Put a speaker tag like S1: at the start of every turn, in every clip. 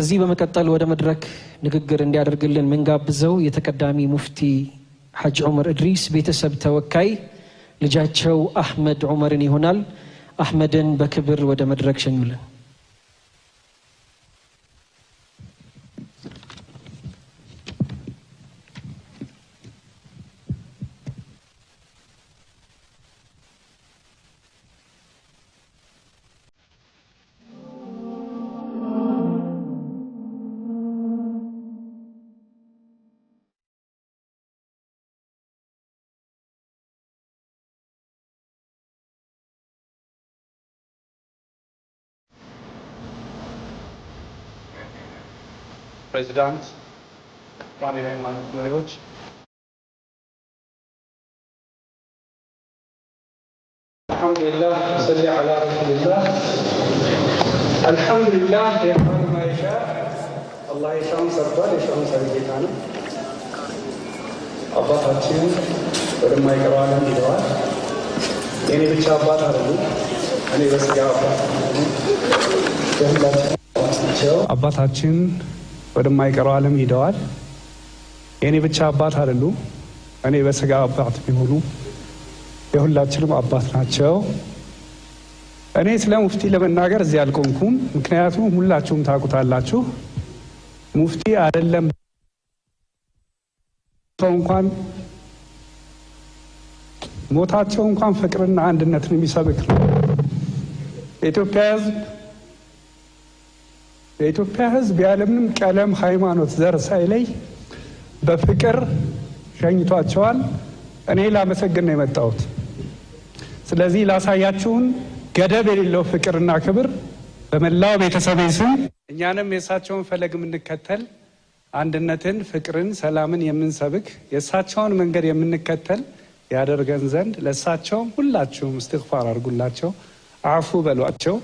S1: ከዚህ በመቀጠል ወደ መድረክ ንግግር እንዲያደርግልን ምንጋብዘው የተቀዳሚ ሙፍቲ ሐጅ ዑመር እድሪስ ቤተሰብ ተወካይ ልጃቸው አህመድ ዑመርን ይሆናል። አህመድን በክብር ወደ መድረክ ሸኙልን።
S2: ፕሬዚዳንት፣ ባሌ ሃይማኖት መሪዎች
S3: አልሐምዱሊላህ አላህ የሻውን ሰርቷል። የሻውን ሰሪ ጌታ ነው። አባታችን ወደማይቀረው ዓለም ሄደዋል። የእኔ ብቻ አባት እኔ በስጋ አባት አባታችን ወደማይቀረው ዓለም ሂደዋል። የእኔ ብቻ አባት አይደሉም። እኔ በስጋ አባት ቢሆኑ የሁላችንም አባት ናቸው። እኔ ስለ ሙፍቲ ለመናገር እዚህ አልቆምኩም። ምክንያቱም ሁላችሁም ታውቁታላችሁ። ሙፍቲ አይደለም እንኳን ሞታቸው እንኳን ፍቅርና አንድነትን የሚሰብክ ነው የኢትዮጵያ ሕዝብ የኢትዮጵያ ሕዝብ ያለምንም ቀለም፣ ሃይማኖት፣ ዘር ሳይለይ በፍቅር ሸኝቷቸዋል። እኔ ላመሰግን ነው የመጣሁት። ስለዚህ ላሳያችሁን ገደብ የሌለው ፍቅርና ክብር በመላው ቤተሰቤ ስም እኛንም የእሳቸውን ፈለግ የምንከተል አንድነትን፣ ፍቅርን፣ ሰላምን የምንሰብክ የእሳቸውን መንገድ የምንከተል ያደርገን ዘንድ ለእሳቸውም ሁላችሁም እስትግፋር አድርጉላቸው፣ አፉ በሏቸው።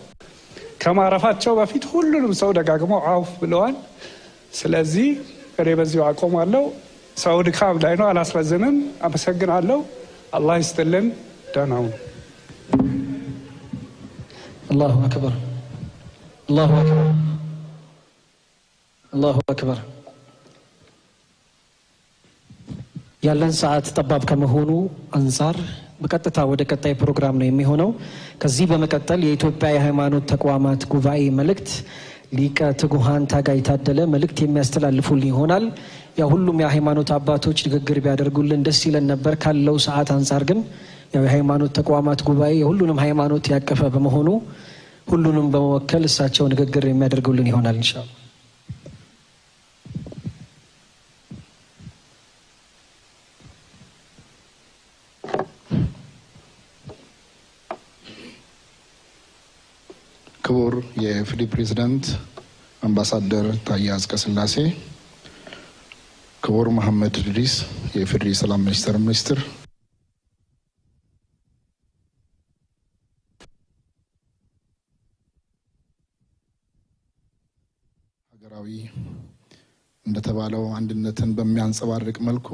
S3: ከማረፋቸው በፊት ሁሉንም ሰው ደጋግሞ አውፍ ብለዋል። ስለዚህ እኔ በዚሁ አቆማለሁ። ሰው ድካም ላይ ነው፣ አላስረዝምም። አመሰግናለሁ። አላህ ይስጥልን። ደህናውን
S1: አላሁ አክበር አላሁ አክበር አላሁ አክበር። ያለን ሰዓት ጠባብ ከመሆኑ አንጻር በቀጥታ ወደ ቀጣይ ፕሮግራም ነው የሚሆነው። ከዚህ በመቀጠል የኢትዮጵያ የሃይማኖት ተቋማት ጉባኤ መልእክት ሊቀ ትጉሃን ታጋይ ታደለ መልእክት የሚያስተላልፉልን ይሆናል። ያ ሁሉም የሃይማኖት አባቶች ንግግር ቢያደርጉልን ደስ ይለን ነበር። ካለው ሰዓት አንጻር ግን ያው የሃይማኖት ተቋማት ጉባኤ የሁሉንም ሃይማኖት ያቀፈ በመሆኑ ሁሉንም በመወከል እሳቸው ንግግር የሚያደርጉልን ይሆናል እንሻላ
S4: ክቡር የኢፌዴሪ ፕሬዝዳንት አምባሳደር ታዬ አጽቀሥላሴ፣ ክቡር መሐመድ ኢድሪስ የኢፌዴሪ ሰላም ሚኒስቴር ሚኒስትር፣ ሀገራዊ እንደተባለው አንድነትን በሚያንጸባርቅ መልኩ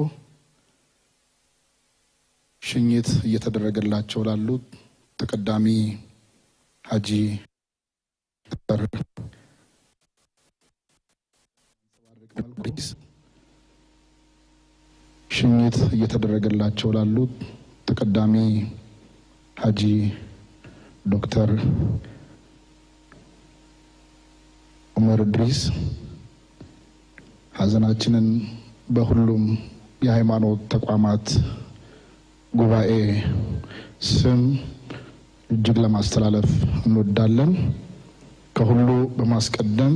S4: ሽኝት እየተደረገላቸው ላሉት ተቀዳሚ ሀጂ ሽኝት እየተደረገላቸው ላሉት ተቀዳሚ ሀጂ ዶክተር ኡመር እድሪስ ሀዘናችንን በሁሉም የሃይማኖት ተቋማት ጉባኤ ስም እጅግ ለማስተላለፍ እንወዳለን። ከሁሉ በማስቀደም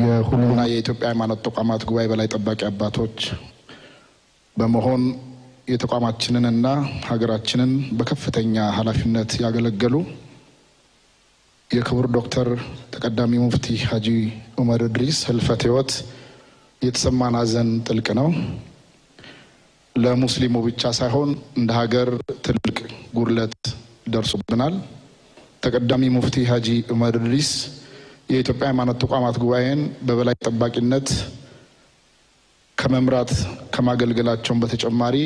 S4: የሁሉና የኢትዮጵያ ሃይማኖት ተቋማት ጉባኤ በላይ ጠባቂ አባቶች በመሆን የተቋማችንንና ሀገራችንን በከፍተኛ ኃላፊነት ያገለገሉ የክቡር ዶክተር ተቀዳሚ ሙፍቲ ሀጂ ኡመር እድሪስ ህልፈት ህይወት የተሰማን ሀዘን ጥልቅ ነው። ለሙስሊሙ ብቻ ሳይሆን እንደ ሀገር ትልቅ ጉድለት ደርሶብናል። ተቀዳሚ ሙፍቲ ሀጂ ዑመር ኢድሪስ የኢትዮጵያ ሃይማኖት ተቋማት ጉባኤን በበላይ ጠባቂነት ከመምራት ከማገልገላቸውን በተጨማሪ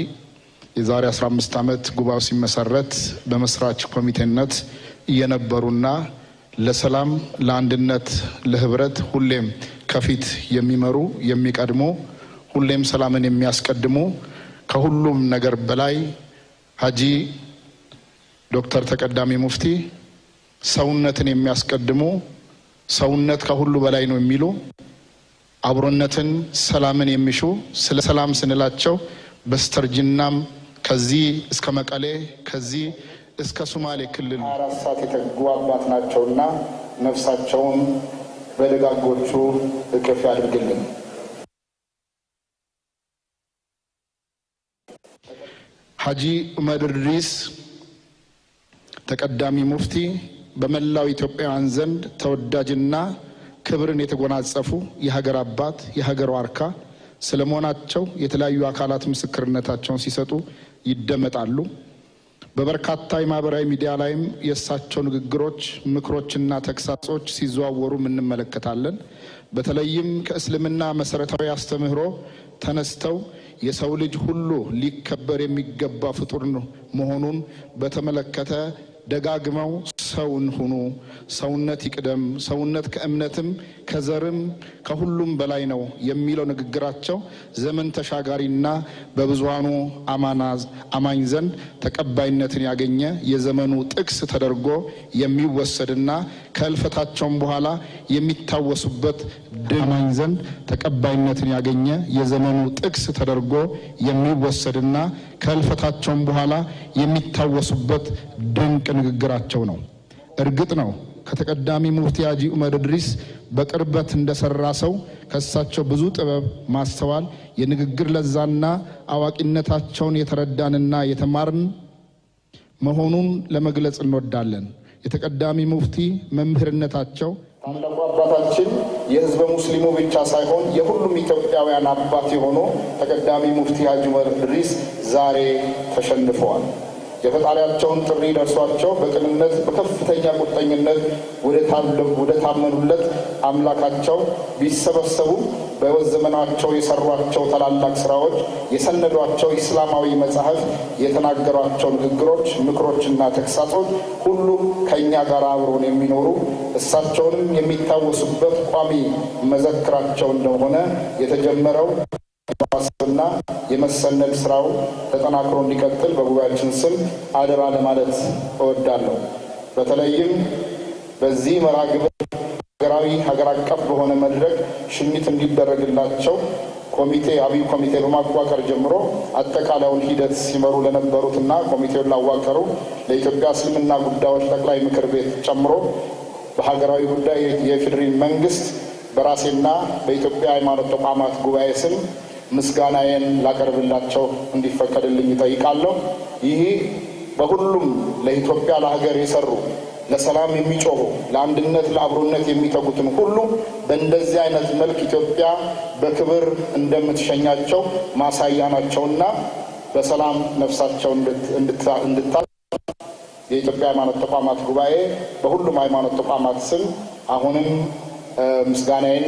S4: የዛሬ 15 ዓመት ጉባኤው ሲመሰረት በመስራች ኮሚቴነት እየነበሩና ለሰላም፣ ለአንድነት፣ ለህብረት ሁሌም ከፊት የሚመሩ የሚቀድሙ ሁሌም ሰላምን የሚያስቀድሙ ከሁሉም ነገር በላይ ሀጂ ዶክተር ተቀዳሚ ሙፍቲ ሰውነትን የሚያስቀድሙ ሰውነት ከሁሉ በላይ ነው የሚሉ አብሮነትን፣ ሰላምን የሚሹ ስለ ሰላም ስንላቸው በስተርጅናም ከዚህ እስከ መቀሌ ከዚህ እስከ ሱማሌ ክልል
S5: አራት ሰዓት የተጉ አባት ናቸውና ነፍሳቸውን በደጋጎቹ እቅፍ ያድርግልን።
S4: ሐጂ ዑመር ኢድሪስ ተቀዳሚ ሙፍቲ በመላው ኢትዮጵያውያን ዘንድ ተወዳጅና ክብርን የተጎናጸፉ የሀገር አባት የሀገር ዋርካ ስለመሆናቸው የተለያዩ አካላት ምስክርነታቸውን ሲሰጡ ይደመጣሉ። በበርካታ የማህበራዊ ሚዲያ ላይም የእሳቸው ንግግሮች፣ ምክሮችና ተግሳጾች ሲዘዋወሩ እንመለከታለን። በተለይም ከእስልምና መሰረታዊ አስተምህሮ ተነስተው የሰው ልጅ ሁሉ ሊከበር የሚገባ ፍጡር መሆኑን በተመለከተ ደጋግመው ሰውን ሁኑ፣ ሰውነት ይቅደም፣ ሰውነት ከእምነትም ከዘርም ከሁሉም በላይ ነው የሚለው ንግግራቸው ዘመን ተሻጋሪና በብዙሃኑ አማኝ ዘንድ ተቀባይነትን ያገኘ የዘመኑ ጥቅስ ተደርጎ የሚወሰድና ከልፈታቸውም በኋላ የሚታወሱበት አማኝ ዘንድ ተቀባይነትን ያገኘ የዘመኑ ጥቅስ ተደርጎ የሚወሰድና ከልፈታቸውም በኋላ የሚታወሱበት ድንቅ ንግግራቸው ነው። እርግጥ ነው ከተቀዳሚ ሙፍቲ ሐጂ ዑመር እድሪስ በቅርበት እንደሰራ ሰው ከእሳቸው ብዙ ጥበብ፣ ማስተዋል፣ የንግግር ለዛና አዋቂነታቸውን የተረዳንና የተማርን መሆኑን ለመግለጽ እንወዳለን። የተቀዳሚ ሙፍቲ መምህርነታቸው
S5: ታላቁ አባታችን የህዝበ ሙስሊሙ ብቻ ሳይሆን የሁሉም ኢትዮጵያውያን አባት የሆኑ ተቀዳሚ ሙፍቲ ሐጂ ዑመር ዛሬ ተሸንፈዋል። የፈጣሪያቸውን ጥሪ ደርሷቸው በቅንነት በከፍተኛ ቁርጠኝነት ወደ ታመኑለት አምላካቸው ቢሰበሰቡ በሕይወት ዘመናቸው የሰሯቸው ታላላቅ ስራዎች፣ የሰነዷቸው ኢስላማዊ መጽሐፍ፣ የተናገሯቸው ንግግሮች፣ ምክሮችና ተግሳጾች ሁሉ ከእኛ ጋር አብሮን የሚኖሩ እሳቸውንም የሚታወሱበት ቋሚ መዘክራቸው እንደሆነ የተጀመረው ዋስና የመሰነድ ስራው ተጠናክሮ እንዲቀጥል በጉባኤያችን ስም አደራ ለማለት እወዳለሁ። በተለይም በዚህ መርሃ ግብር ሀገራዊ ሀገር አቀፍ በሆነ መድረክ ሽኝት እንዲደረግላቸው ኮሚቴ አብይ ኮሚቴ በማዋቀር ጀምሮ አጠቃላዩን ሂደት ሲመሩ ለነበሩትና ኮሚቴውን ላዋቀሩ ለኢትዮጵያ እስልምና ጉዳዮች ጠቅላይ ምክር ቤት ጨምሮ በሀገራዊ ጉዳይ የፌዴራል መንግስት በራሴና በኢትዮጵያ ሃይማኖት ተቋማት ጉባኤ ስም ምስጋናዬን ላቀርብላቸው እንዲፈቀድልኝ ይጠይቃለሁ። ይህ በሁሉም ለኢትዮጵያ ለሀገር የሰሩ ለሰላም የሚጮሁ ለአንድነት ለአብሮነት የሚተጉትን ሁሉ በእንደዚህ አይነት መልክ ኢትዮጵያ በክብር እንደምትሸኛቸው ማሳያ ናቸውና በሰላም ነፍሳቸው እንድታ የኢትዮጵያ ሃይማኖት ተቋማት ጉባኤ በሁሉም ሃይማኖት ተቋማት ስም አሁንም ምስጋናዬን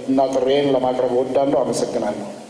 S5: እና ጥሬን ለማቅረብ እወዳለሁ። አመሰግናለሁ።